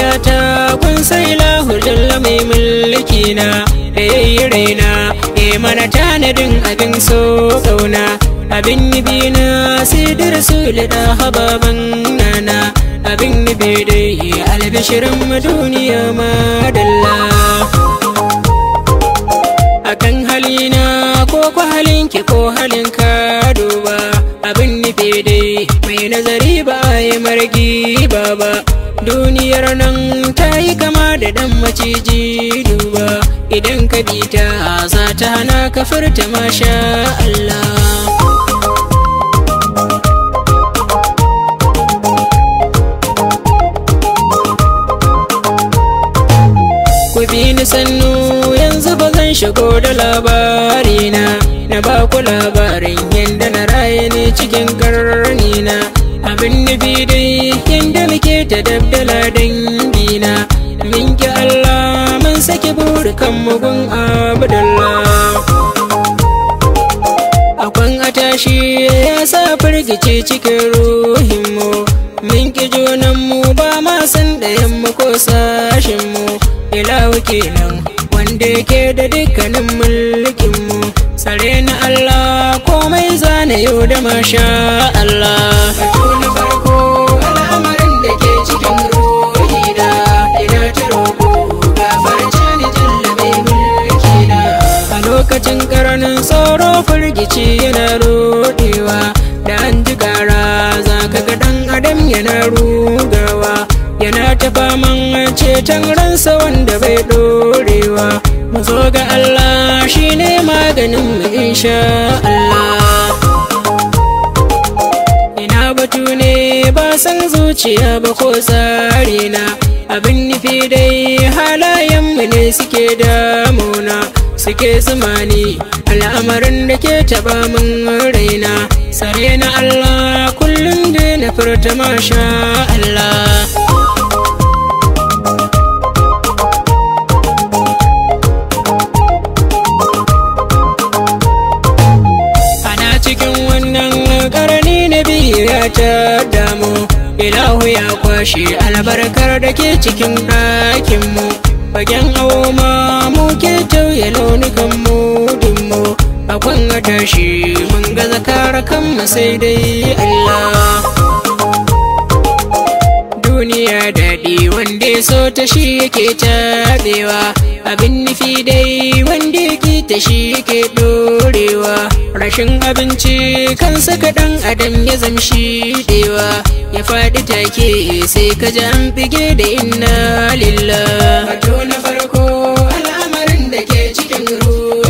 yata kun sai lahu jalla mai mulki na da yayi raina e mana tanadin abin so kauna abin nibi na sidir su da hababan nana abin nibi dai albishirin duniya ma, dalla akan halina ko halin halinki ko halin ka duba abin nufi dai mai nazari ba ya margi ba ba duniyar nan ta yi kama da dan maciji duba idan ka bi ta za ta hana ka furta masha Allah ku bi ni sannu yanzu ba zan shigo da labarina ta dabdala dangina min ki Allah mun saki burkan mugun Abdullah akwan atashi ya sa firgice cikin ruhinmu min ki junanmu ba ma san mu ko Ila wuke kenan wanda yake da dukkanin mulkinmu sare na Allah komai zane yau da masha Allah firgici yana rudewa da an ji kara za ka ga dan adam yana rugawa yana ta faman ceton ransa wanda bai dorewa mu zo ga Allah shi ne maganin mu insha Allah ina batu ne ba san zuciya ba ko tsarina Abin abin nufi dai halayen mu ne suke damuna suke ni al'amarin da ke taba min raina sare na Allah kullum da na furta masha Allah ta damu ilahu ya kwashe albarkar da ke cikin ɗakinmu fagen hau ma ke tauye launukan dimmo a kwan tashi mun gaza zakara kanmu sai dai Allah duniya daɗi wanda ya so ta shi yake taɗewa abin nufi dai wanda ke ta shi yake ɗorewa rashin abinci kansa ɗan adam ya zamshi ɗewa ya faɗi take sai ka ji an fige da inna lillah na farko Guru